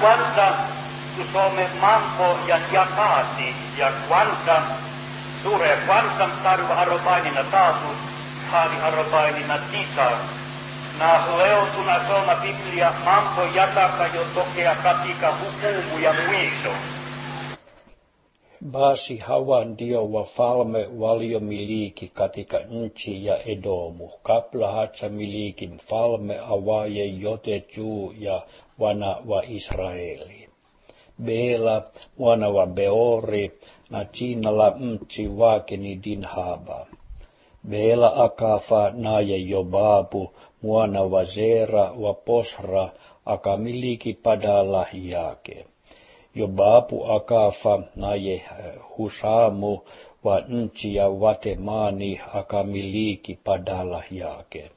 kuinka Suomen manko ja jakasi ja kuinka suure kuinka tarva arobainina taasu, haali na tisa. Na leotuna sona Biblia manko jataka jo katika hukumu ja muiso. Basi hawan diowa falme valiomiliiki katika nchi ja edomu, kaplahatsa miliikin falme avaje jote juu ja wana wa Israeli. Bela mwana wa Beori na jina la mji wake ni Dinhaba. Bela akafa naye Yobabu mwana wa Zera wa Posra akamiliki padala yake. Yobabu akafa naye Husamu wa nchi ya Watemani akamiliki padala yake.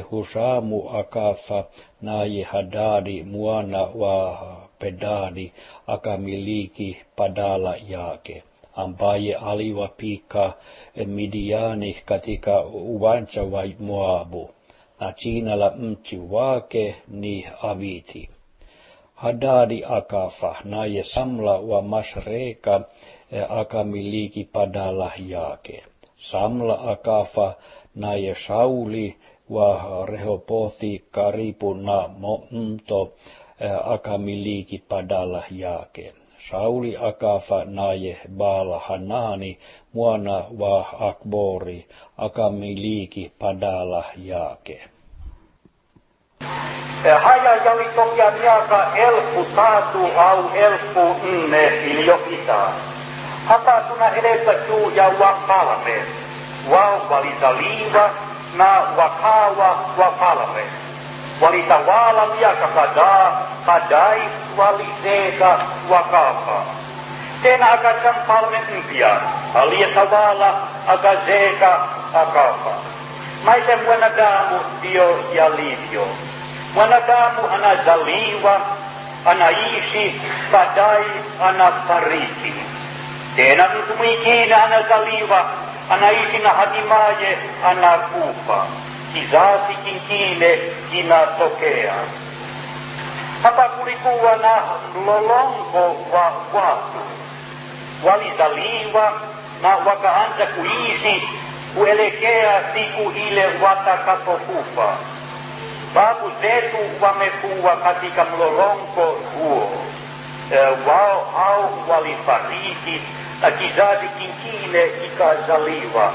Husamu akafa nai Hadadi muana wa Pedadi akamiliki padala yake ambaye pika Midiani katika uwanja vai muabu. na chinala la mji wake ni Aviti. Hadadi akafa, nai Samla wa masreka eh, akamiliki padala jake Samla akafa, naye Sauli reho pohti karipuna monto liiki padalla jake. Sauli akafa naje baala hanani muana vah akbori liiki padalla jake. Haja jali tokia miaka elpu taatu au elfu inne iliyopita. Hakatuna edessä juu ja Vau valita liiva na wakawa wafalme walitawala miaka kadhaa hadi walizeeka wakafa tena akaja mfalme mpya aliyetawala akazeeka akafa maisha mwanadamu ndiyo yalivyo mwanadamu anazaliwa anaishi baadaye anafariki tena mtu mwingine anazaliwa anaishi na hatimaye anakufa. Kizazi kingine kinatokea. Hapa kulikuwa na mlolongo wa watu, walizaliwa na wakaanza kuishi kuelekea siku ile watakapokufa. Babu zetu wamekuwa katika mlolongo huo. E, wao hao walifariki na kizazi kingine kikazaliwa.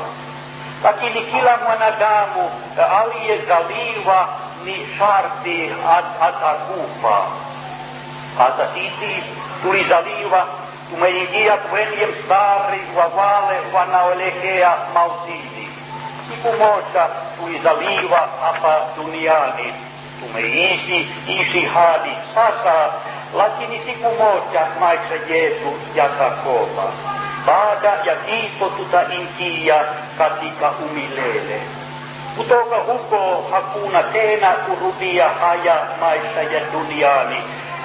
Lakini kila mwanadamu eh, aliyezaliwa ni sharti atakufa. Hata sisi tulizaliwa, tumeingia kwenye mstari wa wale wanaolekea mautini. Siku moja tulizaliwa hapa duniani, tumeishi ishi hadi sasa lakini siku moja maisha Yesu yatakoma. Baada ya kifo tutaingia katika umilele. Kutoka huko hakuna tena kurudia haya maisha ya duniani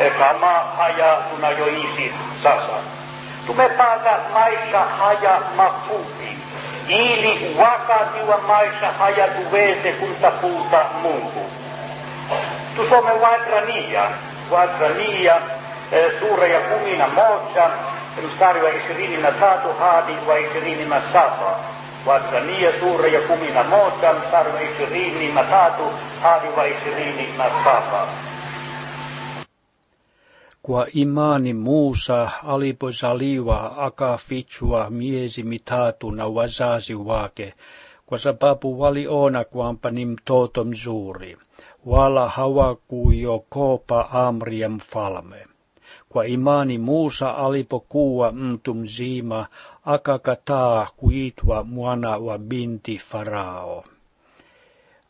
eh, kama haya tunayoishi sasa. Tumepata maisha haya mafupi ili wakati wa maisha haya tuweze kumtafuta Mungu. Tusome Waebrania squadra e, sura eh, kumi na moja mstari wa ishirini na tatu hadi wa ishirini na saba Waebrania sura ya kumi na moja mstari wa ishirini matatu, tatu hadi wa ishirini na saba imani imani Musa alipozaliwa akafichua miezi mitatu na wazazi wake, kwa sababu waliona kwamba ni mtoto mzuri wala hawakuyo kopa amriam falme. Kwa imani muusa alipokua mtu mzima, akakataa kuitwa mwana wa binti farao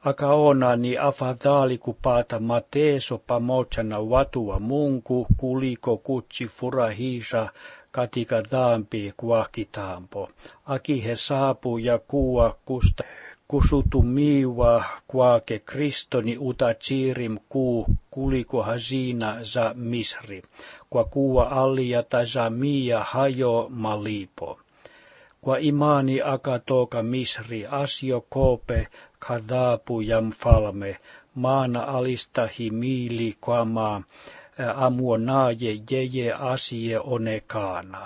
akaona ni afadhali kupata mateso pamoja na watu wa Mungu kuliko furahisha katika dhambi kwa kitambo, akihesabu ya kuwa kusta kusutumiwa kuake kristoni utacirim ku kuliko hazina za Misri, kwa kuua alia miia hajo malipo. Kwa imani akatoka Misri asio kope kadaapu jam falme, maana alistahimili kama eh, naaje jeje asie onekana.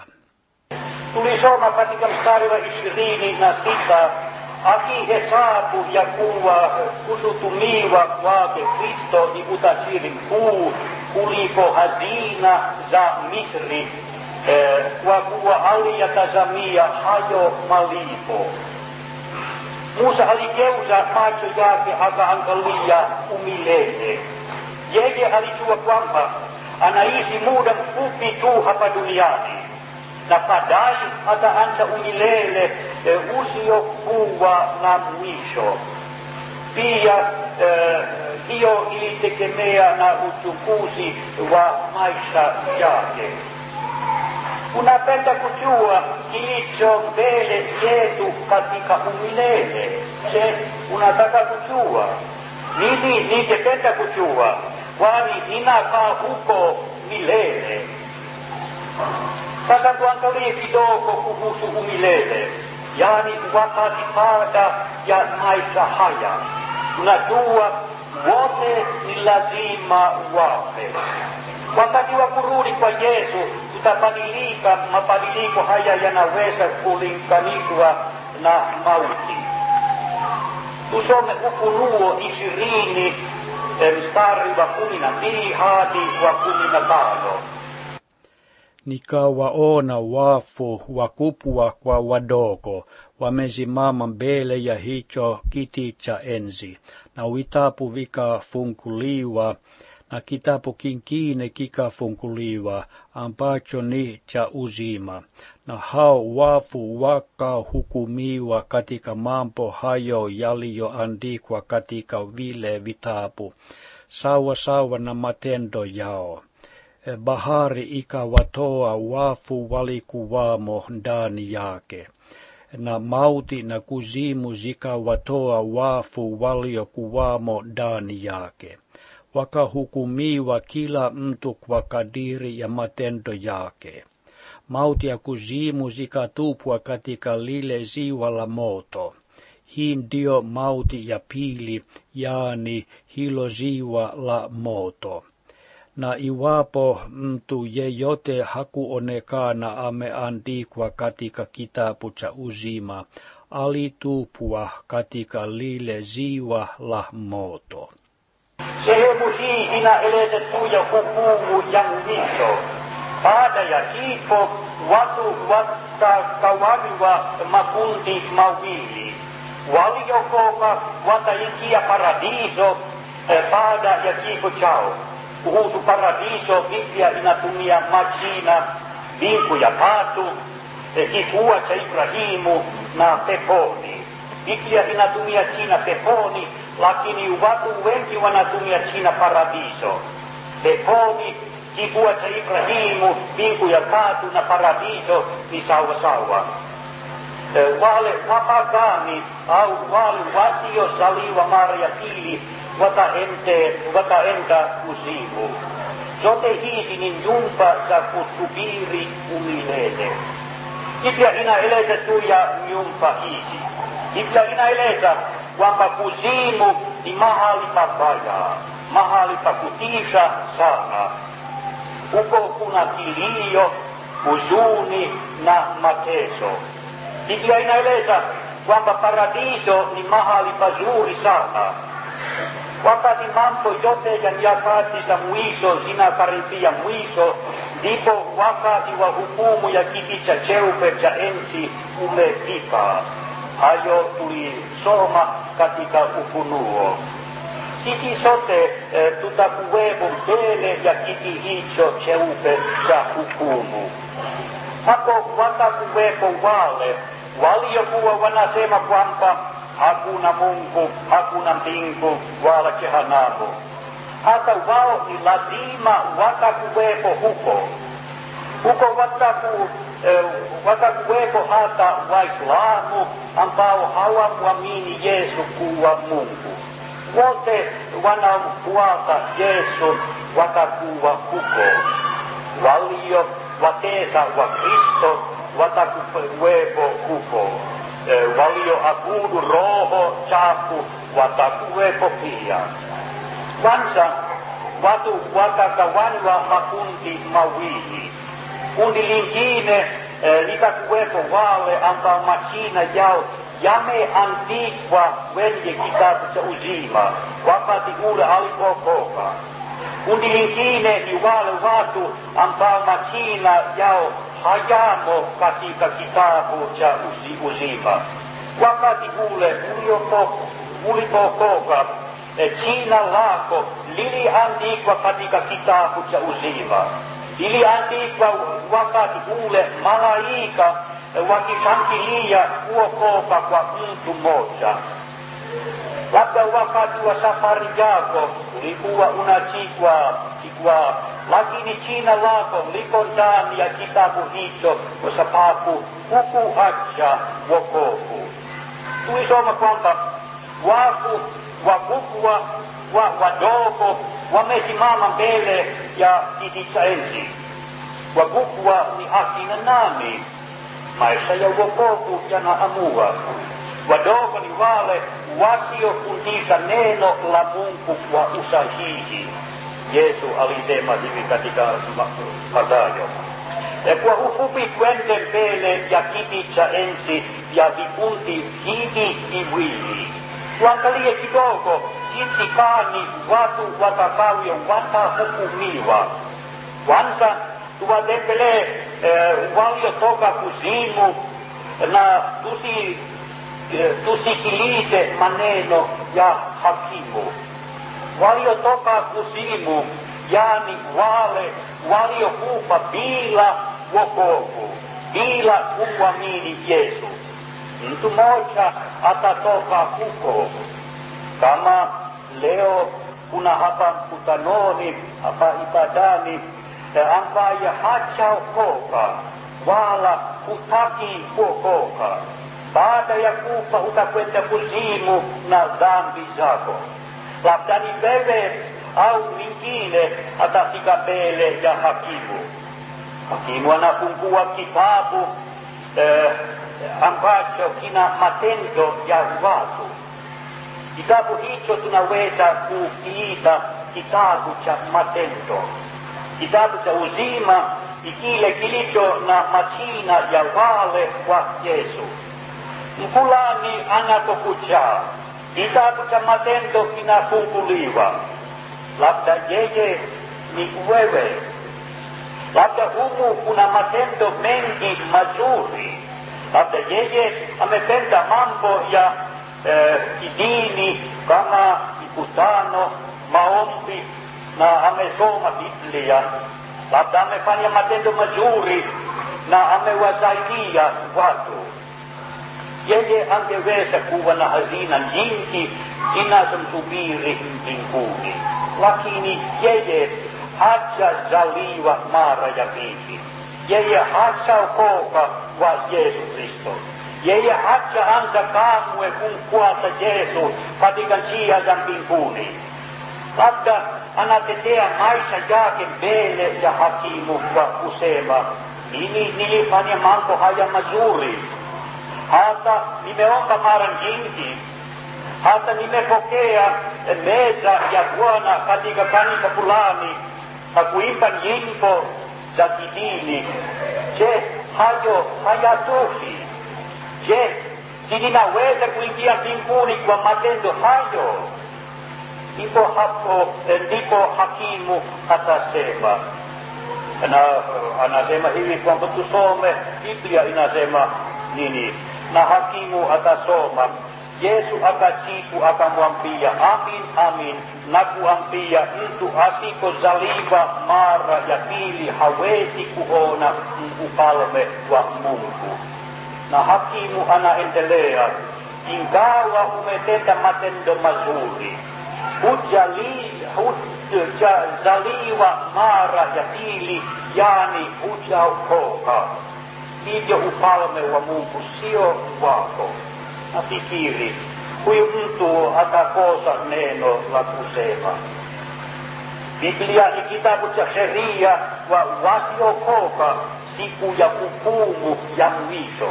Tuli sorma, Patikam wa ishirini na sita akihesabu ya kuwa kututumiwa kwake Kristo ni utajiri mkuu kuliko hazina za Misri, eh, kwa kuwa tazamia hayo malipo. Musa aligeuza macho yake akaangalia umilele. Yeye alijua kwamba anaishi muda mfupi tu hapa duniani na tafadhali ataanza umilele e, eh, kuwa na mwisho. Pia e, hiyo ilitegemea na uchukuzi wa maisha yake. Unapenda kujua kilicho mbele yetu katika umilele? Je, unataka kujua? Mimi ningependa kujua, kwani ninakaa huko milele. Sasa tuangalie kidogo kuhusu umilele, yaani wakati baada ya maisha haya. Tunajua wote ni lazima wape Wakati wa kurudi kwa Yesu tutabadilika. Mabadiliko haya yanaweza kulinganishwa na mauti. Tusome Ufunuo ishirini eh, mstari wa kumi na mbili hadi wa kumi na tano nikawaona wafu wakubwa kwa wadogo wamesimama mbele ya hicho kiti cha enzi, na vitabu vikafunguliwa na kitabu kingine kikafunguliwa ambacho ni cha uzima, na hao wafu wakahukumiwa katika mambo hayo yaliyoandikwa katika vile vitabu sawa sawa na matendo yao. Eh, Bahari Ikawatoa Wafu vaamo Ndani jaake. na mauti na kuzimu zikawatoa wafu waliokuwamo jaake. yake. hukumiwa kila mtu kwa kadiri ja matendo jaake. Mauti ja kuzimu zikatupua katika lile ziwa la moto. Hiin dio mauti ja pili, jaani hilo ziwa la moto. na iwapo mtu yeyote hakuonekana ameandikwa katika kitabu cha uzima, alitupua katika lile ziwa la moto. Sehemu hii inaeleza juu ya hukumu ya mwisho. Baada ya kifo, watu watagawanyiwa makundi mawili. Waliokoka wataingia paradiso eh, baada ya kifo chao kuhusu paradiso vipya inatumia majina, mbingu ya tatu, eh, kifua cha Ibrahimu na peponi. Biblia inatumia china peponi, lakini watu wengi wanatumia china paradiso. Peponi, kifua cha Ibrahimu, mbingu ya tatu na paradiso ni sawa sawa eh, wale wapagani au wale wasiozaliwa mara ya pili wataenda kuzimu. Zote hizi ni nyumba za kusubiri umilele. Biblia inaeleza juu ya nyumba hizi. Biblia inaeleza kwamba kuzimu ni mahali pabaya, mahali pa kutisha sana. Huko kuna kilio, huzuni na mateso. Biblia inaeleza kwamba paradiso ni mahali pazuri sana wakati mambo yote ya nyakati za mwisho zinakaribia mwisho, ndipo wakati wa hukumu ya kiti cha cheupe cha enzi umefika. Hayo tulisoma katika Ufunuo. Sisi sote eh, tutakuwemo mbele ya kiti hicho cheupe cha hukumu. Hapo watakuwepo wale waliokuwa wanasema kwamba hakuna Mungu, hakuna mbingu wala jehanamu. Hata wao ni lazima watakuwepo huko huko, wataku eh, watakuwepo hata Waislamu ambao hawamwamini Yesu kuwa Mungu. Wote wanaomfuata Yesu watakuwa huko. Walio watesa wa Kristo watakuwepo huko eh, walioabudu roho chafu watakuwepo pia. Kwanza watu watagawanywa makundi mawihi Kundi lingine eh, litakuwepo wale ambao majina yao yameandikwa wenye kitabu cha uzima wakati ule alipookoka. Kundi lingine ni wale watu ambao majina yao hayamo katika kitabu cha uzima. Wakati ule ulipookoka, e, jina lako liliandikwa katika kitabu cha uzima. Iliandikwa wakati ule malaika e, wakishangilia kuokoka kwa mtu mmoja. Labda wakati wa safari yako ulikuwa unachikwa chikwa lakini jina lako liko ndani ya kitabu hicho, kwa sababu hukuacha wokovu. Tulisoma kwamba wafu wakubwa wa wadogo wamesimama mbele ya kiti cha enzi. Wakubwa ni akina nani? Maisha ya wokovu yanaamua. Wadogo ni wale wasiofundisha neno la Mungu kwa usahihi. Jeesus alisema hivi katika Mathayo. Ja kwa ufupi twende mbele ya kiti cha enzi ya vikundi hivi viwili. Tuangalie kidogo jinsi gani watu tu watahukumiwa. Kwanza tuwatembelee eh, tocca kuzimu na tusi, eh, tusikilize maneno ya hakimu. waliotoka kuzimu, yani wale waliokufa bila wokovu, bila kumwamini Yesu. Mtu mmoja atatoka huko. Kama leo kuna hapa mkutanoni, hapa ibadani, e, ambaye hachaokoka wala hutaki kuokoka, baada ya kufa utakwenda kuzimu na dhambi zako la Bebe au mwingine atafika mbele ya hakimu. Hakimu anafungua kitabu eh, ambacho kina matendo ya watu. Kitabu hicho tunaweza kukiita kitabu cha matendo. Kitabu cha uzima ikile kile kilicho na majina ya wale wa Yesu. Mfulani anapokuja Kitabu cha Matendo kinafunguliwa, labda yeye ni wewe, labda humu kuna matendo mengi mazuri, labda yeye amependa mambo ya eh, kidini kama mikutano, maombi na amesoma Biblia, labda amefanya matendo mazuri na amewasaidia watu yeye angeweza kuwa na hazina nyingi zinazomsubiri mbinguni, lakini yeye hajazaliwa mara ya pili, yeye hajaokoka kwa Yesu Kristo yeye hajaanza kamwe kumfuata Yesu katika njia za mbinguni. Labda anatetea maisha yake mbele ya hakimu kwa kusema, mimi nilifanya mambo haya mazuri, hata nimeomba mara nyingi, hata nimepokea meza ya Bwana katika kanisa fulani na kuimba nyimbo za kidini. Je, hayo hayatoshi? Je, sininaweza kuingia mbinguni kwa matendo hayo? Ndipo hapo ndipo hakimu atasema na anasema hivi kwamba tusome Biblia inasema nini? na hakimu akasoma. Yesu akajibu akamwambia, amin amin, na kuambia mtu asikozaliwa mara ya pili hawezi kuona ufalme wa Mungu. Na hakimu anaendelea, ingawa umetenda matendo mazuri hujazaliwa mara ya pili, yani hujaokoka ndivyo ufalme wa Mungu sio wako. Nafikiri huyu mtu atakosa neno la kusema. Biblia ni kitabu cha sheria wa wasiokoka siku ya hukumu ya mwisho.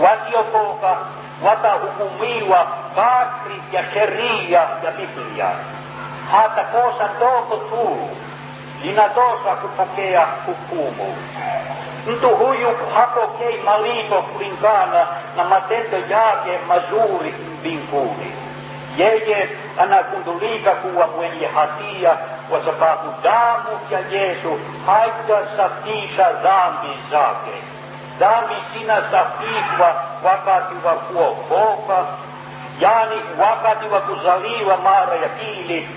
Wasiokoka watahukumiwa kadri ya sheria ya Biblia. Hata kosa ndogo tu linatosha kupokea hukumu mtu huyu hapokei malipo kulingana na matendo yake mazuri mbinguni. Yeye anagundulika kuwa mwenye hatia kwa sababu damu ya Yesu haitasafisha dhambi zake. Dhambi zinasafishwa wakati wa kuokoka, yani wakati wa kuzaliwa mara ya pili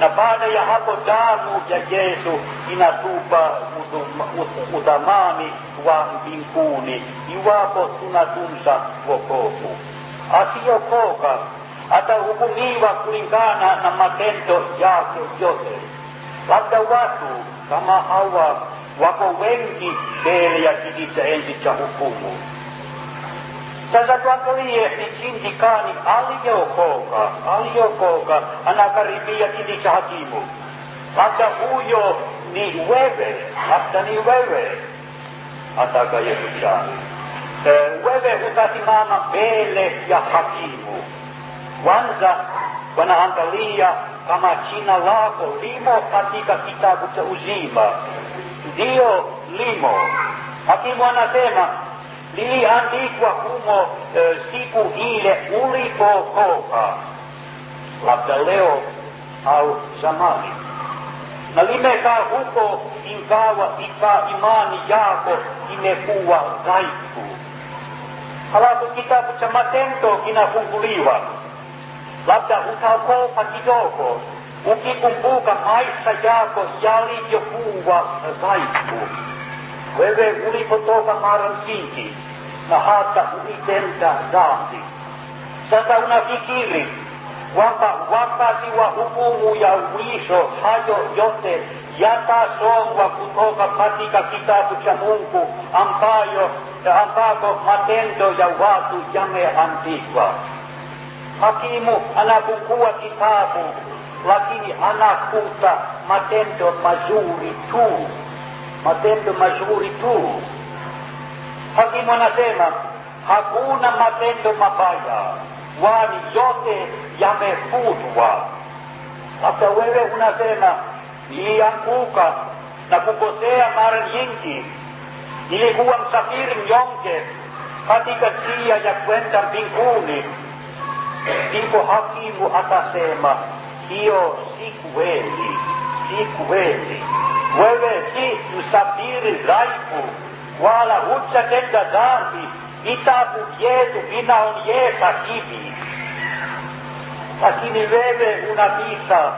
na baada ya hapo damu ya Yesu inatupa udhamani wa mbinguni iwapo tunatunza wokovu. Asiyokoka atahukumiwa kulingana na matendo yake yote. Labda watu kama hawa wako wengi mbele ya kiti cha enzi cha hukumu. Sasa tuangalie ni jindikani aliyeokoka, aliyeokoka anakaribia kiti cha hakimu. Labda uyo ni wewe, labda ni wewe atakaye kuchana e, wewe utasimama bele ya hakimu. Kwanza wanaangalia kama china lako limo katika kitabu cha uzima, ndiyo limo. Hakimu anasema liliandikwa humo e, siku ile ulipokoka, labda leo au zamani, na limekaa huko ingawa ika imani yako imekuwa dhaifu. Halafu kitabu cha Matendo kinafunguliwa, labda utakopa kidogo ukikumbuka maisha yako yalivyokuwa dhaifu wewe ulipotoka marafiki na hata ulitenda dhambi. Sasa unafikiri kwamba wakati wa hukumu ya mwisho hayo yote yatasongwa kutoka katika kitabu cha Mungu ambayo ambako matendo ya watu yameandikwa. Hakimu anafungua kitabu, lakini anakuta matendo mazuri tu matendo mazuri tu. Hakimu anasema hakuna matendo mabaya, wani yote yamefutwa. Hata wewe unasema nilianguka na kukosea mara nyingi, nilikuwa msafiri mnyonge katika njia ya kwenda mbinguni. Ndipo hakimu atasema hiyo si kweli, si kweli wewe si usafiri dhaifu, wala hujatenda dhambi. Vitabu vyetu vinaonyesha hivi, lakini wewe unabisa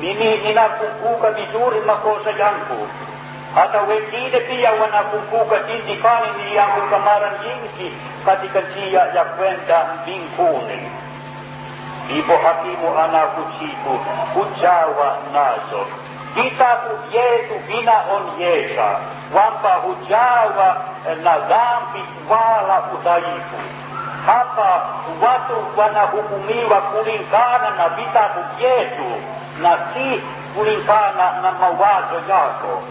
mimi ninakumbuka vizuri makosa yangu. Hata wengine pia wanakumbuka jinsi gani nilianguka mara nyingi katika njia ya kwenda mbinguni. Ndipo hakimu anakujibu kujawa nazo vitabu vyetu vinaonyesha kwamba hujawa eh, na dhambi wala udhaifu. Hapa watu wanahukumiwa kulingana na vitabu vyetu na si kulingana na mawazo yako.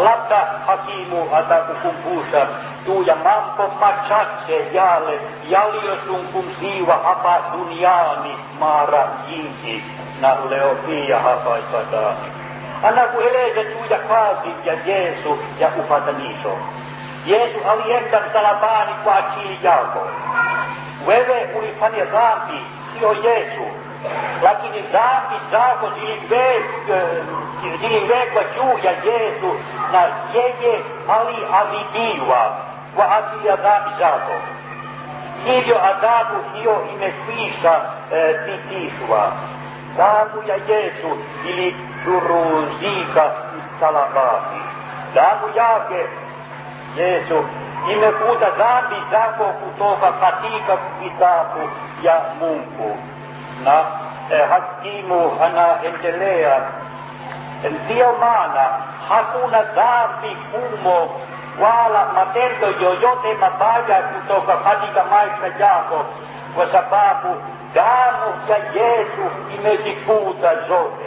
Labda hakimu atakukumbusha juu ya mambo machache yale yaliyozungumziwa hapa duniani mara nyingi na leo pia hapa ibadani. Anakueleza juu ya kazi ya Yesu ya upatanisho. Yesu alienda msalabani kwa ajili yako. Wewe ulifanya dhambi, sio Yesu, lakini dhambi zako ziliwekwa juu ya Yesu na yeye aliadhibiwa kwa ajili ya dhambi zako. Hivyo adhabu hiyo imekwisha pitishwa. Eh, e, damu ya Yesu iliduruzika msalabani. Damu yake Yesu imefuta dhambi zako kutoka katika kitabu ya Mungu. Na eh, hakimu anaendelea, ndiyo maana hakuna dhambi kumo wala matendo yoyote mabaya kutoka katika maisha yako, kwa sababu damu ya Yesu imezikuta zote.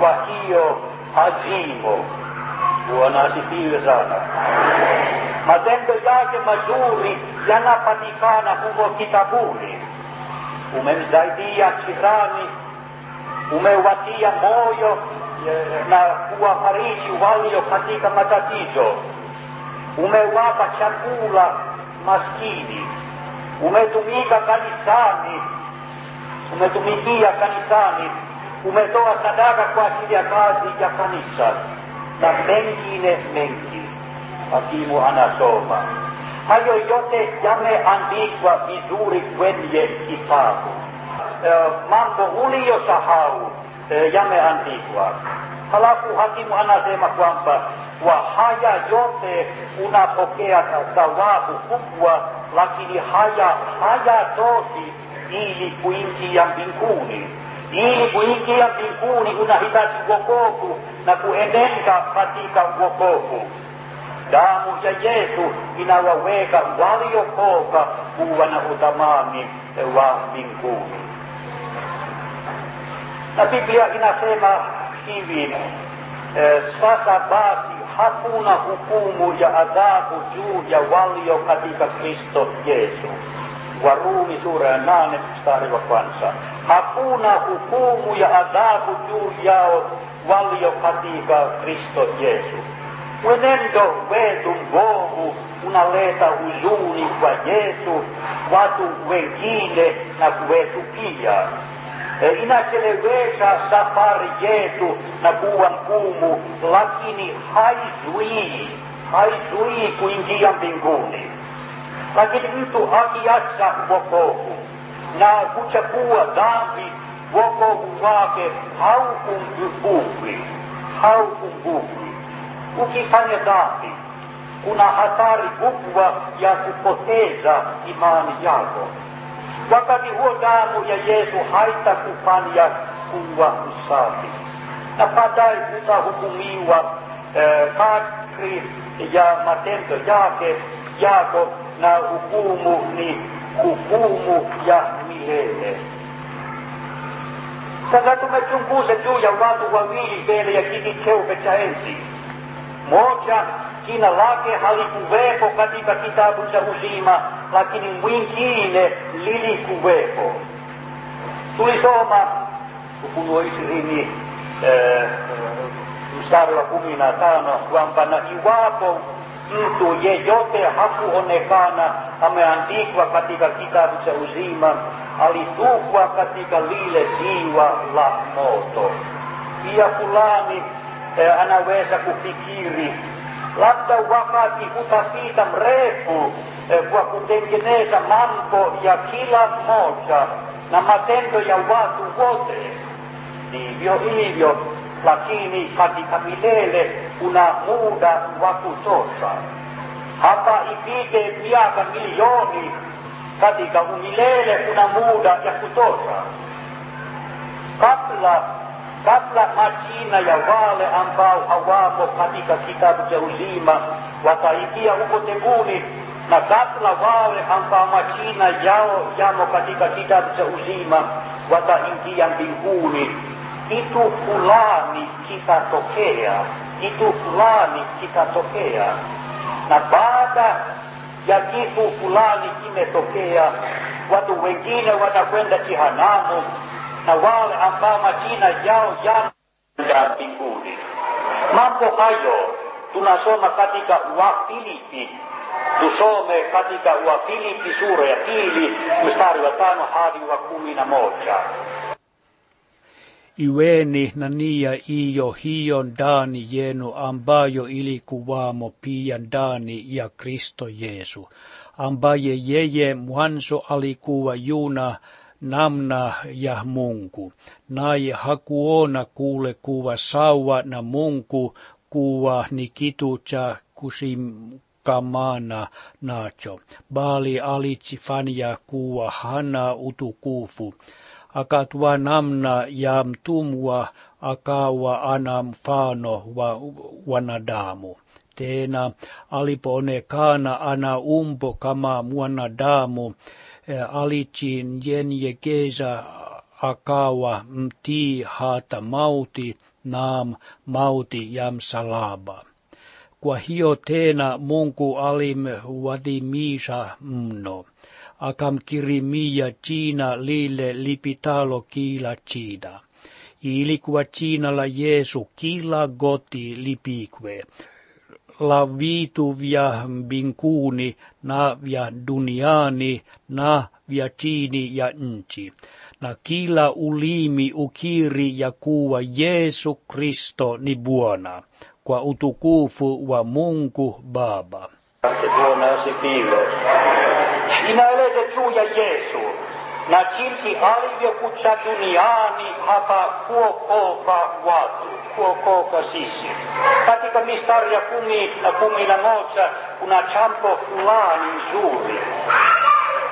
Kwa hiyo hazimo. Bwana asifiwe sana. Matendo yake mazuri yanapatikana huko kitabuni. Umemsaidia jirani, umewatia moyo na kuwafariji walio katika matatizo umewapa chakula maskini, umetumika kanisani, umetumikia kanisani, umetoa sadaka kwa ajili ya kazi ya kanisa na mengine mengi. Hakimu anasoma hayo yote yameandikwa vizuri kwenye kitabu. Uh, mambo uliyosahau uh, yameandikwa. Halafu hakimu anasema kwamba kwa haya yote unapokea thawabu kubwa, lakini haya toti ili kuingia mbinguni. Ili kuingia mbinguni unahitaji uokovu na kuenenda katika uokovu. Damu ya Yesu inawaweka waliokoka kuwa na utamani wa mbinguni, na Biblia inasema hivi: eh, sasa basi hakuna hukumu ya adhabu juu ya walio katika Kristo Yesu. Warumi sura ya nane mstari wa kwanza. Hakuna hukumu ya adhabu juu yao walio katika Kristo Yesu. Mwenendo wetu mbovu unaleta huzuni kwa Yesu, watu wengine na kwetu pia e, safari yetu na kuwa ngumu, lakini haizuii haizuii kuingia mbinguni. Lakini mtu akiacha wokovu na kuchagua dhambi, wokovu wake haukumbukwi, haukumbukwi. Ukifanya dhambi kuna hatari kubwa ya kupoteza imani yako. Wakati huo damu ya Yesu haitakufanya kuwa msafi, na baadaye utahukumiwa eh, kadri ya matendo yake yako, na hukumu ni hukumu ya milele. Sasa tumechunguza juu ya watu wawili mbele ya kiti cheupe cha enzi, moja jina lake halikuwepo katika kitabu cha uzima, lakini mwingine lilikuwepo. Tulisoma Ufunuo ishirini eh, mstari wa kumi na tano kwamba na iwapo mtu yeyote hakuonekana ameandikwa katika kitabu cha uzima, alitukwa katika lile ziwa la moto. Pia fulani eh, anaweza kufikiri labda wakati utapita mrefu eh, kwa kutengeneza mambo ya kila mmoja na matendo ya watu wote. Ndivyo hivyo, lakini katika milele una muda wa kutosha. Hata ipite miaka milioni, katika umilele kuna muda ya kutosha kabla kabla majina ya wale ambao hawapo katika kitabu cha uzima wataingia huko tenguni, na kabla wale ambao majina yao yamo katika kitabu cha uzima wataingia mbinguni. Kitu fulani kitatokea, kitu fulani kitatokea, na baada ya kitu fulani kimetokea, watu wengine watakwenda jehanamu na wale ambao majina yao yana mbinguni. Mambo hayo tunasoma katika Wafilipi, tusome katika Wafilipi sura ya pili mstari wa tano hadi wa kumi na moja. Iweni na nia iyo hiyo ndani yenu ambayo ilikuwamo pia ndani ja Kristo Jeesu, ambaye yeye mwanzo alikuwa yuna namna ya Mungu, naye hakuona kule kuwa sawa na Mungu kuwa ni kitu cha kushimkamana nacho, bali alichifanya kuwa hana utukufu, akatwa namna ya mtumwa, akawa ana mfano wa wanadamu. Tena alipoonekana ana umbo kama mwanadamu, Alicin, Jenje, keisa Akawa, Mti, Hata, Mauti, Naam, Mauti, Jam, Salaba. Kua hio teena munku alim miisa mno. akam miia China liille lipitalo kiila China Iilikua Chiinalla Jeesu kila goti lipikwe la viituvia mbinguni na vya duniani na vya chini ya nchi, na kila ulimi ukiri ya kuwa Yesu Kristo ni Bwana, kwa utukufu wa Mungu Baba. Inaeleza juu ya Yesu na jinsi alivyokuja duniani hapa kuokoka watu, kuokoka sisi. Katika mistari ya kumi na kumi na moja kuna jambo fulani nzuri.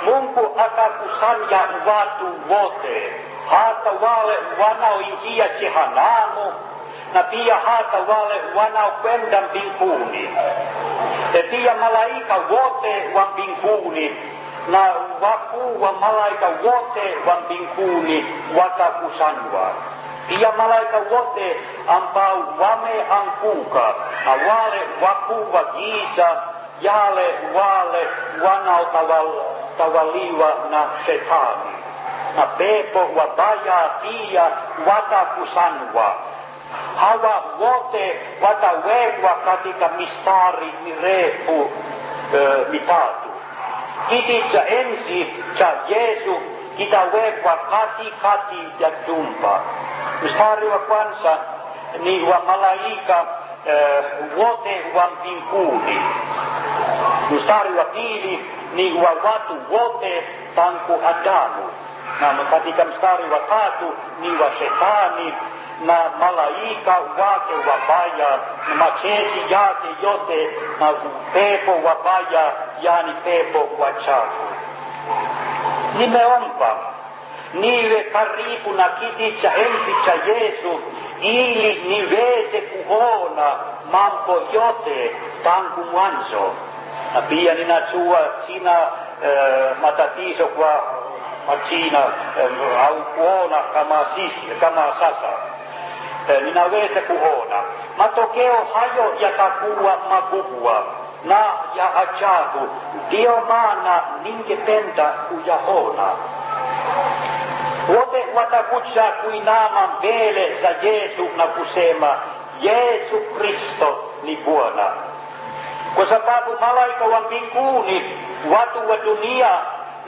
Mungu atakusanya watu wote, hata wale wanaoingia jehanamu na pia hata wale wanaokwenda mbinguni, e pia malaika wote wa mbinguni na wakuu wa malaika wote wa mbinguni watakusanywa pia malaika wote ambao wameanguka na wale wakuu wa giza yale wale wanaotawaliwa na shetani na pepo wabaya pia watakusanywa hawa wote watawekwa katika mistari mirefu uh, mitatu kiti cha enzi cha Yesu kitawekwa kati ya chumba. Mstari wa kwanza ni wa malaika eh, wote wa mbinguni. Mstari wa pili ni wa watu wote tangu Adamu, na katika mstari wa tatu ni wa shetani na malaika wake wabaya na machozi yake yote na upepo wabaya, yani pepo wachafu. Nimeomba niwe karibu na kiti cha enzi cha Yesu ili niweze kuona mambo yote tangu mwanzo, na pia ninajua sina uh, matatizo kwa machina um, eh, au kuona kama sisi, kama sasa ninaweza kuona matokeo hayo yatakuwa makubwa na ya ajabu. Ndiyo maana ningependa kuyaona. Wote watakuja kuinama mbele za Yesu na kusema Yesu Kristo ni Bwana, kwa sababu malaika wa mbinguni, watu wa dunia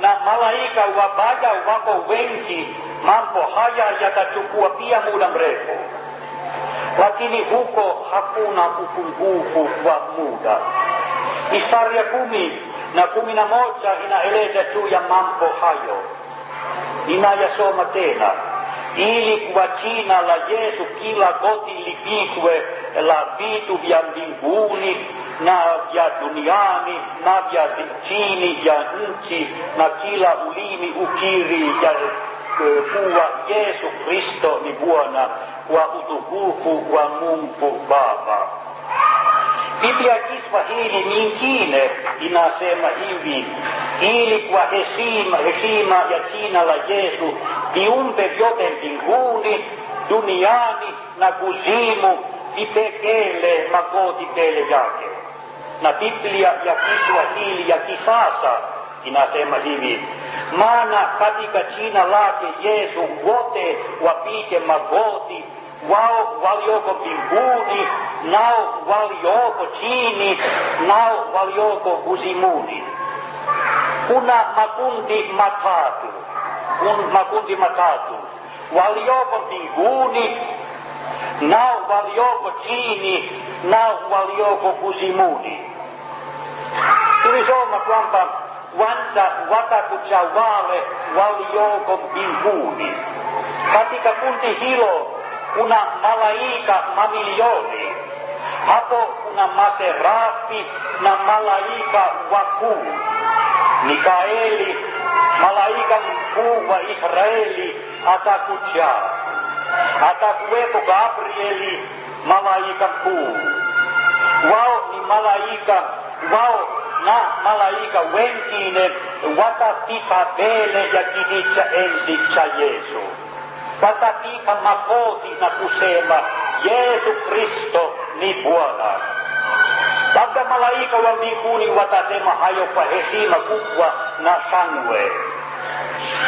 na malaika wabaya wako wengi. Mambo haya yatachukua pia muda mrefu lakini huko hakuna upungufu wa muda. Mistari ya kumi na kumi na moja inaeleza juu ya mambo hayo, inayasoma tena ili kwa jina la Yesu kila goti lipigwe la vitu vya mbinguni na vya duniani na vya chini ya nchi, na kila ulimi ukiri ya eh, kuwa Yesu Kristo ni Bwana wa utukufu wa Mungu Baba. Biblia ya Kiswahili nyingine inasema hivi, ili kwa heshima, heshima ya jina la Yesu viumbe vyote mbinguni, duniani na kuzimu vipekele magoti mbele yake. Na Biblia ya Kiswahili ya kisasa inasema hivi mana kadikacina lake Jeesu wote wapite magoti wao walioko mbinguni nao walioko chini nao walioko kuzimuni. Kuna makundi matatu, kun, makundi matatu walioko mbinguni nao walioko chini nao walioko kuzimuni. Tulisoma kwamba kwanza watakuja wale walioko mbinguni. Katika kundi hilo kuna malaika mamilioni, hapo kuna maserafi na malaika wakuu. Mikaeli, malaika mkuu wa Israeli, atakuja. Atakuwepo Gabrieli, malaika mkuu. Wao ni malaika wao Na malaika wenkiine watapipa vele ja kitissä ensitsa ma Watapipa na kusema Jeesu Kristo ni Bwana. Vaikka malaika wa mbinguni watasema hayopa heshima kubwa na shangwe.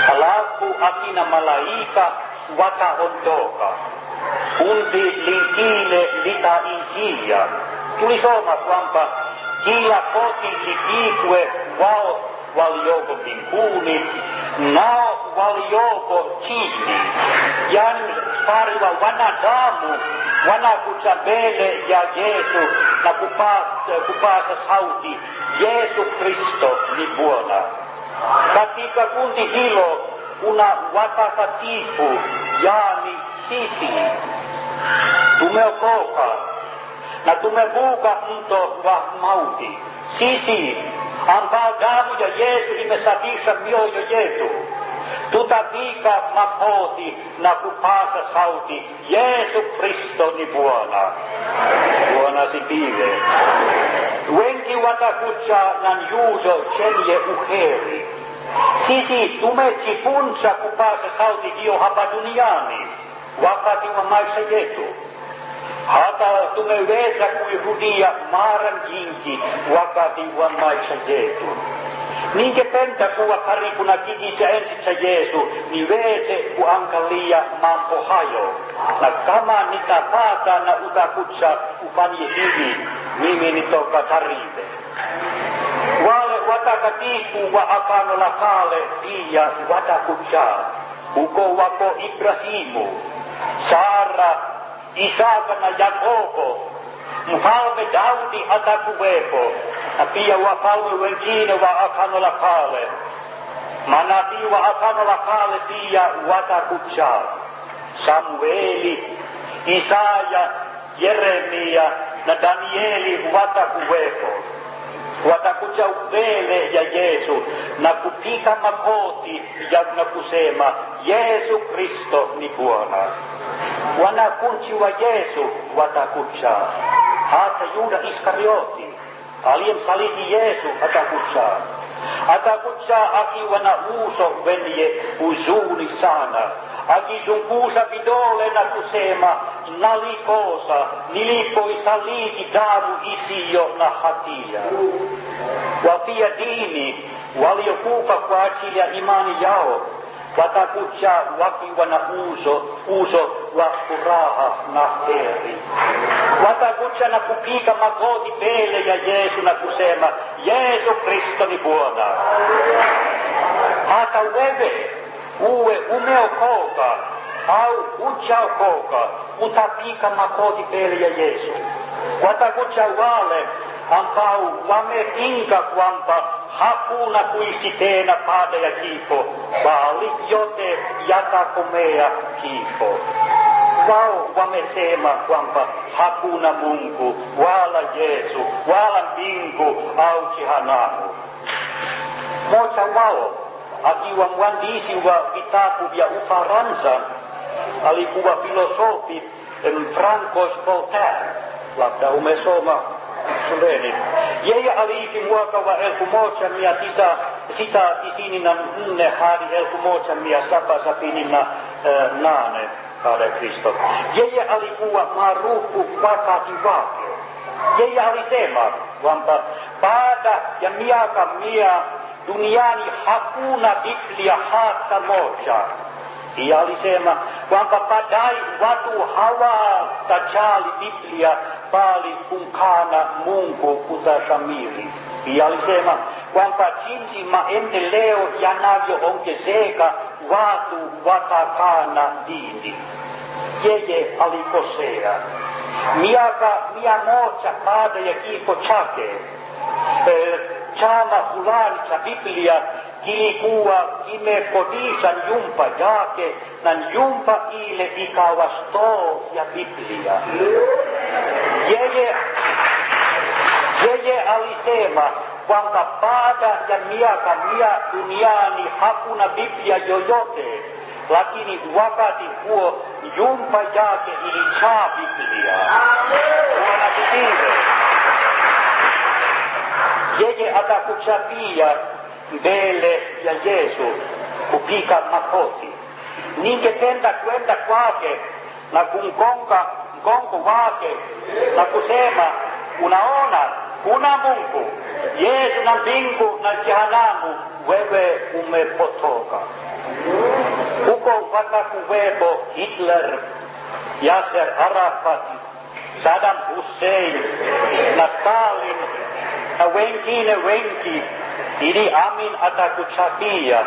Halafu akina malaika wata hondoka, wataondoka. Kundi lingine litaingia. Tulisoma kwamba kila kotilijitwe wao walioko mbinguni nao walioko chini, yani pariwa wanadamu wanakuja mbele ya Yesu na kupata, kupata sauti Yesu Kristo ni Bwana. Katika kundi hilo kuna watakatifu, yani sisi tumeokoka na dumebuga në të rahmauti. Sisi, amba gamu jo jetu i me sabisha mjo jo jetu. Tu ta dica ma poti na kupasa sauti, Jesu Cristo ni buona. Buona si vive. Wenki watakucha nan juzo celje uheri. Sisi, tume cipunca kupasa sauti dio hapaduniani. Wakati wa maisha yetu. tunne yhdessä kuin hudia maaran kinki, vakati vammaissa Jeesus. Niinkä pentä kuva parikuna kikissä ensitsä Jeesu, niin veese ku anka liia mampo hajo. Na kama niitä paataan na uta kutsa, ku pani hyvin, nimini toka tarive. Vaale vataka tiikkuu va akanola kaale vata vatakutsaa. Uko vako Ibrahimu. Saara Isaka na Yakobo, mfalme Daudi hatakuwepo, na pia wafalme wengine wa Agano la Kale. Manabii wa Agano la Kale pia watakuja: Samueli, Isaya, Yeremia na Danieli watakuwepo. Watakuja mbele ya Yesu na kupiga makoti na kusema Yesu Kristo ni Bwana wanakunchi wa Yesu watakucha. Hata Yuda Iskarioti aliyemsaliti Yesu atakucha, atakucha akiwa na uso wenye huzuni sana, akizunguza vidole na kusema, nalikosa nilipoisaliti damu isiyo na hatia. Wafia dini waliokufa kwa ajili ya imani yao watakuja wakiwa na uso uso wa furaha na heri. Watakuja na kupiga magoti mbele ya Yesu na kusema, Yesu Kristo ni Bwana. Hata wewe uwe umeokoka au uchaokoka utapika makoti mbele ya Yesu. Watakuja wale ambao wamepinga kwamba hakuna kuin siteenä paada ja kiipo, vaali jote jatako mea kiipo. Vau seema kuampa hakuna Mungu vaala Yesu wala mbingu au jehanamu. vau, aki wan mwandishi wa vitabu via Ufaransa alikuwa filosofi Francois Voltaire, ume soma shëndetit. Jeja alifi muaka wa elkumoqen mia tisa, sitä isinina nne hari elkumoqen mia sapa sapinina naane, kare Kristo. Jeja ali ma maa ruukku pakati vaakio. Jeja ali teema, vanta paada ja miaka mia duniani hakuna biblia haatta moja. Ja ali seema, kwamba baadaye watu hawatajali Biblia bali kumkana Mungu kuzashamiri Pia alisema kwamba jinsi maendeleo yanavyoongezeka watu watakana dini. Yeye alikosea. Miaka mia moja baada ya kifo chake, eh, chama fulani cha Biblia kilikuwa kimekodisha nyumba yake na nyumba ile ikawa stoo ya Biblia. Yeye, yeye alisema kwamba baada ya miaka mia duniani hakuna Biblia yoyote, lakini wakati huo nyumba yake ilijaa Biblia. yeye atakuchapia mbele ya Yesu kupika magoti. Ningependa kwenda kwake na kumgonga mgongo wake na kusema, unaona, kuna Mungu. Yesu na mbingu na jehanamu, wewe umepotoka. Huko watakuwepo Hitler, yaser Arafat, sadam Hussein na Stalin na wengine wengi ili Amin atakuchatia.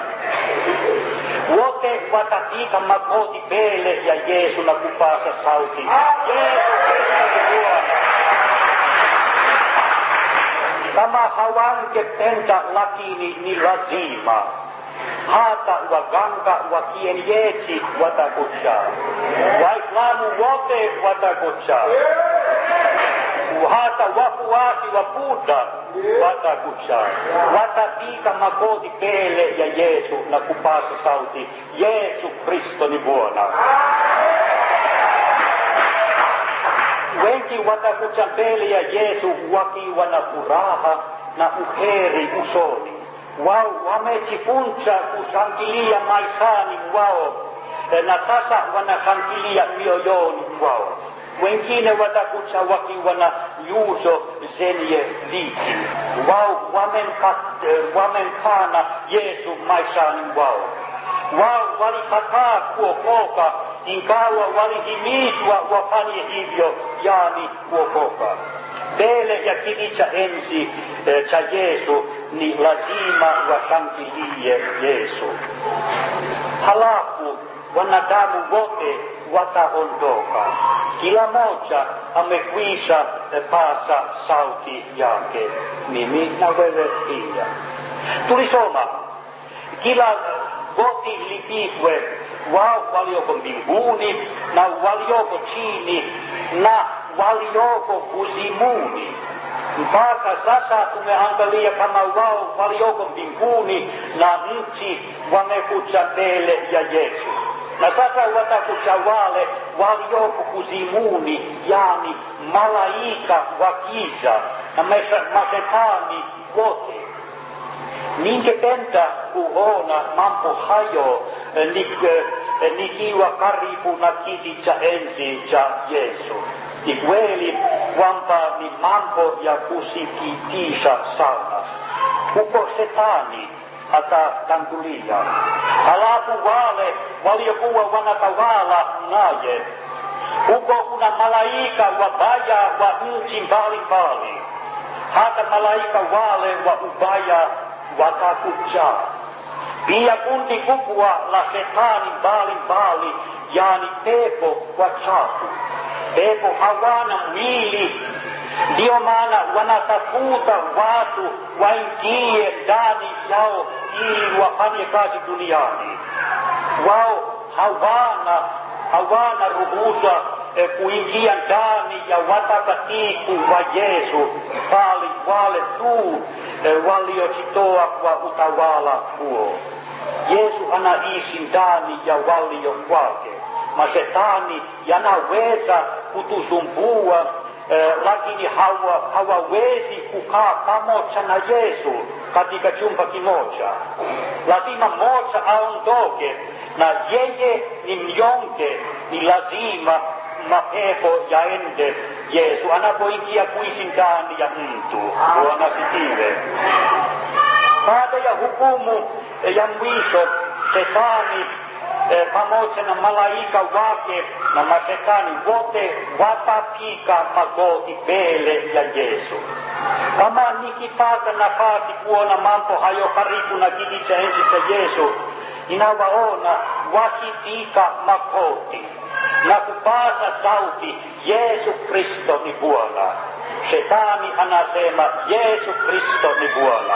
Wote watapiga magoti mbele ya Yesu na kupasa sauti, Yesu Kama hawangependa, lakini ni lazima hata waganga wa kienyeji watakuja, Waislamu wote watakuja. Mungu. Hata wafuasi wa Buddha watakuja, watapiga magoti mbele ya Yesu na kupaza sauti, Yesu Kristo ni Bwana. Wengi watakuja mbele ya Yesu wakiwa na furaha na uheri usoni wao wamejifunza kushangilia maishani mwao na sasa wanashangilia mioyoni mwao wengine watakuja wakiwa na nyuso zenye dhiki. Wao eh, wamemkana Yesu maishani wao Wao walikataa kuokoka, ingawa walihimizwa wafanye hivyo, yani kuokoka mbele ya kili cha enzi eh, cha Yesu ni lazima washangilie Yesu. Halafu wanadamu wote Wataholdoka. Kila moja amekwisha pasa sauti yake. Mimi na wewe pia. Tulisoma kila goti lipigwe, wao walioko mbinguni na walioko chini na walioko kuzimuni. Mpaka sasa tumeangalia kama wao walioko mbinguni na nchi wamekuja mbele ya Yesu. na sasa watakutawale walioko kuzimuni, yani malaika wa giza na mashetani wote. Ningependa kuona mambo hayo eh, eh, nikiwa karibu na kiti cha enzi cha Yesu. Ni kweli kwamba ni mambo ya kusikitisha sana. Uko shetani atatangulia. Halafu wale waliokuwa wanatawala naye, huko kuna malaika wabaya wa nchi mbalimbali, hata malaika wale wa ubaya watakuja. Pia kundi kubwa la shetani mbalimbali, yani pepo wachafu. Pepo hawana mwili Ndiyo maana wanatafuta watu waingie ndani yao ili wafanye kazi duniani. Wao hawana hawana ruhusa e, kuingia ndani ya watakatifu wa Yesu, bali wale tu e, waliojitoa kwa utawala huo. Yesu anaishi ndani ya walio kwake. Mashetani yanaweza kutusumbua eh, lakini hawa, hawawezi kukaa pamoja na Yesu katika chumba kimoja. Lazima moja aondoke, na yeye ni mnyonge, ni lazima mapepo yaende Yesu anapoingia kuishi ndani ya mtu. Bwana asifiwe. Baada ya hukumu eh, ya mwisho, Shetani e, pamoja na malaika wake na marekani wote watapika magoti mbele ya Yesu. Kama nikipata nafasi kuona mambo hayo karibu na kiti cha enzi cha Yesu, ninawaona wakipiga magoti na kupaza sauti, Yesu Kristo ni Bwana. Shetani anasema Yesu Kristo ni Bwana,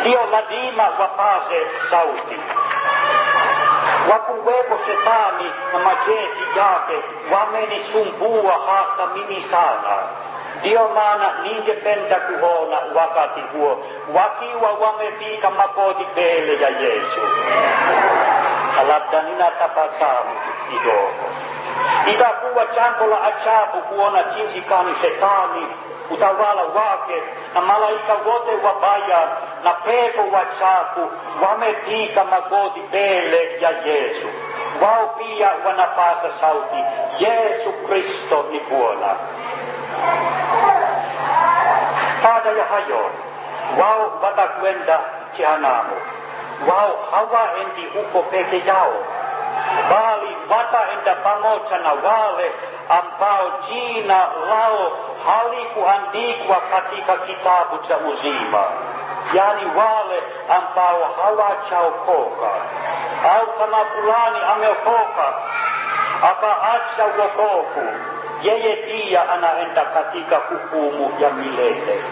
ndio lazima wapaze sauti. Wapunguepo sepami majesi jake, wameni sumbua haasta minisana. Dio mana ninge penta kuhona wakati huo. Wakiwa wamefika makoti mbele ya Yesu. Labda ninatabasamu kidogo. Itakuwa jambo la ajabu kuona jinsi kanishetani tavala vake, na malaika wote wabaya na pepo wachafu wamepiga magoti mbele ya Yesu. Wao pia wanapaza sauti, Jezu Kristo ni Bwana. Baada ya hayo wao watakwenda jehanamu. hava enti uko peke yao, bali enta pamoja na vale, ampao jina lao halikuandikwa katika kitabu cha uzima, yaani wale ambao hawachaokoka au kama fulani ameokoka akaacha uokofu yeye pia anaenda katika hukumu ya milele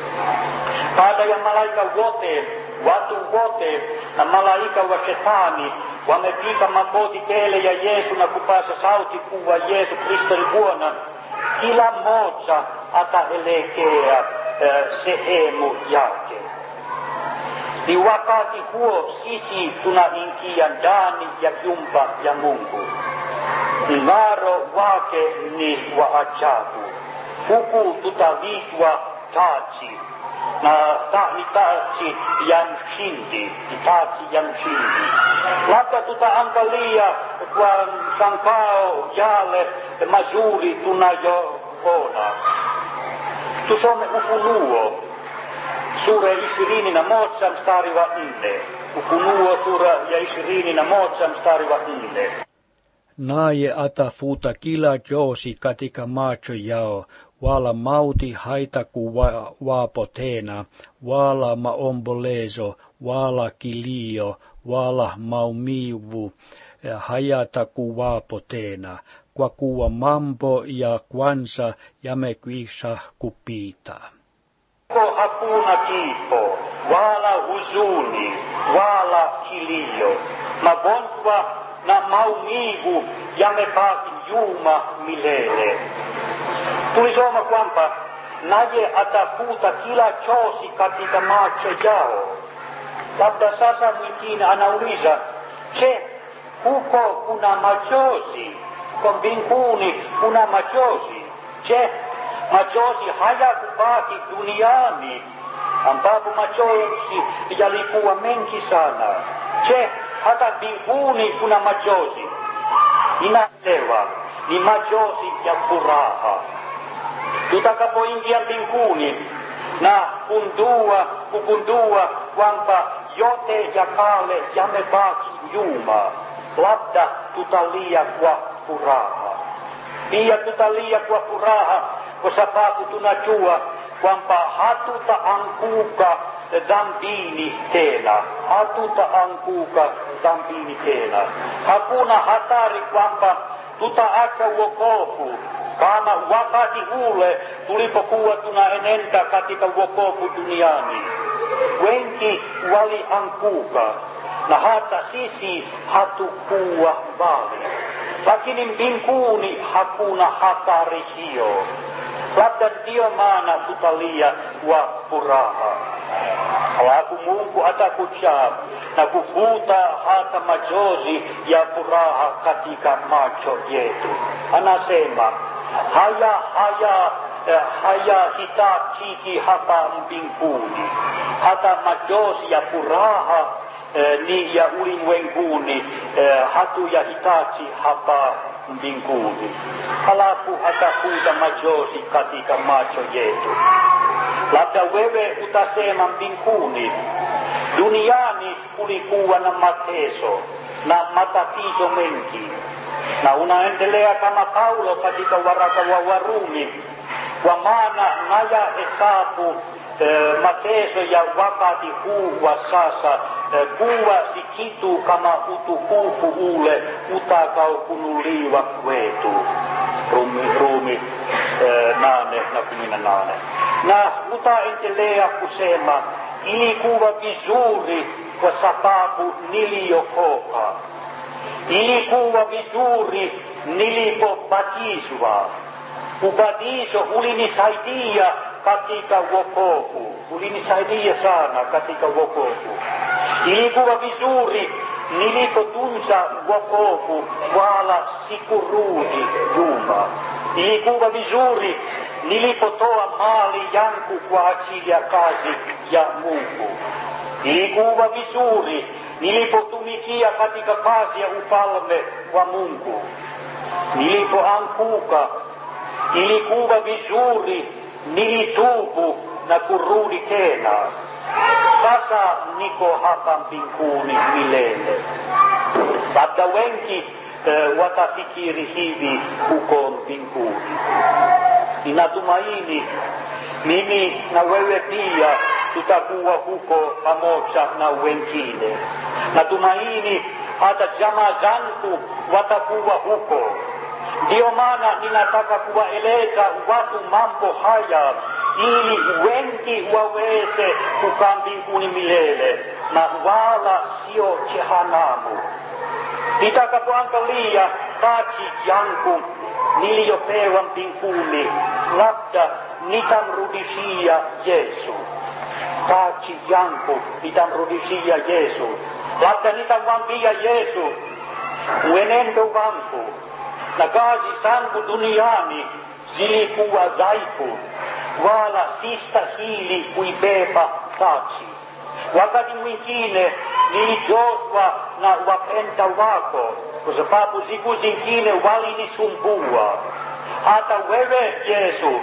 baada ya malaika wote watu wote na malaika wa shetani wamepika magoti tele ya Yesu na kupasa sauti kuwa Yesu Kristo ni Bwana kila mmoja ataelekea eh, sehemu yake. Ni wakati huo sisi tunaingia ndani ya jumba ya Mungu. Mng'aro wake ni wa ajabu, huku tutavishwa taji tahditaatsi yang sindi, taatsi yang sindi. Vaikka tuta ankalia, kun sankao jalle mazuri tuna jo ona. Tu on ufunuo, suure ishirinina motsam stariva inne. Ufunuo suure ja ishirinina motsam stariva inne. Naje ata futa kila josi katika macho jao, Vala mauti haitaku vaapoteena, vaapotena, ma ombolezo, wala kilio, wala maumivu, hajataku vaapoteena, kwa kuva mambo ja me kuisa kupita. Hapo hakuna kipo, wala huzuni wala kilio, magonjwa na maumivu me nyuma milele. तुलिसोमा kwamba naye atafuta kila chozi katika macho yao. Labda sasa mwingine anauliza, je, huko kuna machozi? Huko una kuna machozi? Je, machozi haya kubaki duniani ambapo machozi yalikuwa mengi sana? Je, hata mbinguni kuna machozi? Inaelewa, ni machozi ya furaha. tutakapoingia mbinguni na kundua kugundua kwamba yote ya kale yamebaki nyuma, labda tutalia kwa furaha. Pia tutalia kwa furaha kwa sababu tunajua kwamba hatutaanguka dhambini tena, hatutaanguka dhambini tena. Hakuna hatari kwamba tutaacha uokovu kama wakati ule tulipokuwa tunaenenda katika uokovu duniani. Wengi walianguka na hata sisi hatukuwa mbali, lakini mbinguni hakuna hatari hiyo. Labda ndiyo maana tutalia kwa furaha. Halafu Mungu atakuja na kuvuta hata majozi ya furaha katika macho yetu. Anasema, haya haya eh, hayahitachiki hapa mbinguni. Hata majozi ya furaha eh, ni ya ulimwenguni eh, hitachi hapa mbinguni. Halafu hatakuja majozi katika macho yetu. Labda wewe utasema mbinguni, duniani kulikuwa na mateso na matatizo mengi na unaendelea kama Paulo katika waraka wa Warumi, kwa maana nayahesabu eh, mateso ya wakati huu wa sasa eh, kuwa si kitu kama utukufu ule utakaofunuliwa kwetu. Rumi, Rumi eh, nane na kumi na nane. Na utaendelea kusema ilikuwa vizuri kwa sababu niliokoka Ilikuwa vizuri nilipobatizwa. Ubatizo ulinisaidia katika wokovu, ulinisaidia sana katika wokovu. Ilikuwa vizuri nilipotunza wokovu, wala sikurudi nyuma. Ilikuwa vizuri nilipotoa mali yangu kwa ajili ya kazi ya Mungu. Ilikuwa vizuri nilipotumikia katika kazi ya ufalme wa Mungu, nilipoanguka, ilikuba vizuri, nilitubu na kurudi tena. Sasa niko hapa mbinguni milele. Labda wengi uh, watafikiri hivi huko mbinguni. Ninatumaini mimi na wewe pia tutakuwa huko pamoja na wengine. tumaini hata jamaa zangu watakuwa huko. Ndiyo maana ninataka kuwaeleza watu mambo haya ili wengi waweze kukaa mbinguni milele na wala sio jehanamu. Nitakapoangalia taji yangu niliyopewa mbinguni, labda nitamrudishia Yesu. facci saci janku itan rudisia Jeesus. Laten itan vampia Jeesus. Uenendo vanku. Nagasi sanku duniani zaipo, zaiku. la sista hili kui beba saci. Wakati mwingine nilijozwa na così wako kwa sababu siku zingine walinisumbua. Hata wewe Yesu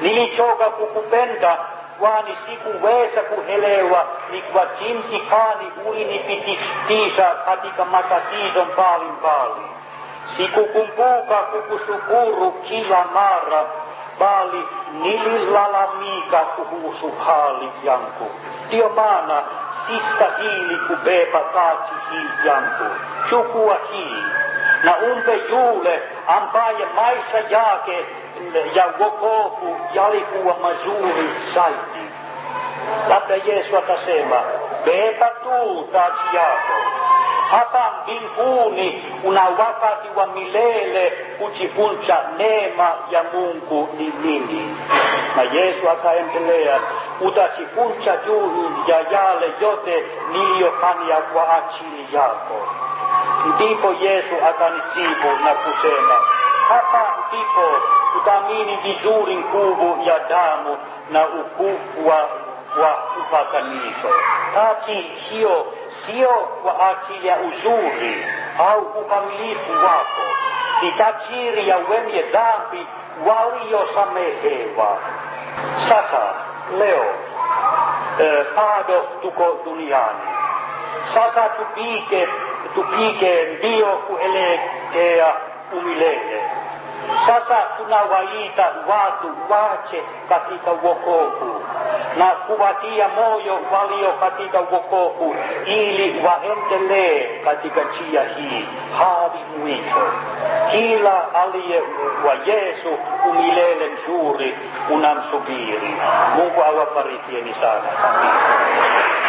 nilichoka kukupenda kwani sikuweza heleua, ni niin kaani uini kani niin tiisa katika kun puuka Sikukumbuka kukushukuru kila paali nililala miika kuhusu haali janku. Tio maana ku beba kaatsi hii janku. Chukua hii na umpe juule, ambaye maissa jaake, ja wokoku yalikuwa mazuri zaidi. labda Yesu atasema beba tu taji yako, hapa mbinguni una wakati wa milele kujifunza neema ya Mungu ni nini. Na Yesu akaendelea, utajifunza juu ya yale yote niliyofanya kwa ajili yako. Ndipo Yesu akanisibu na kusema, hapa ndipo utamini vizuri nguvu ya damu na ukufwa wa upatanisho. Haki hiyo sio kwa ajili ya uzuri au ukamilifu wako, ni tajiri ya wenye dhambi waliosamehewa. Sasa leo eh, tuko duniani. Sasa tupike, tupike ndio kuelekea umilele sasa tunawaita watu wache katika uokovu na kuwatia moyo walio katika uokovu ili waendelee katika njia hii hadi mwisho. Kila aliye wa Yesu umilele mzuri unamsubiri. Mungu awafarikieni sana. Amin.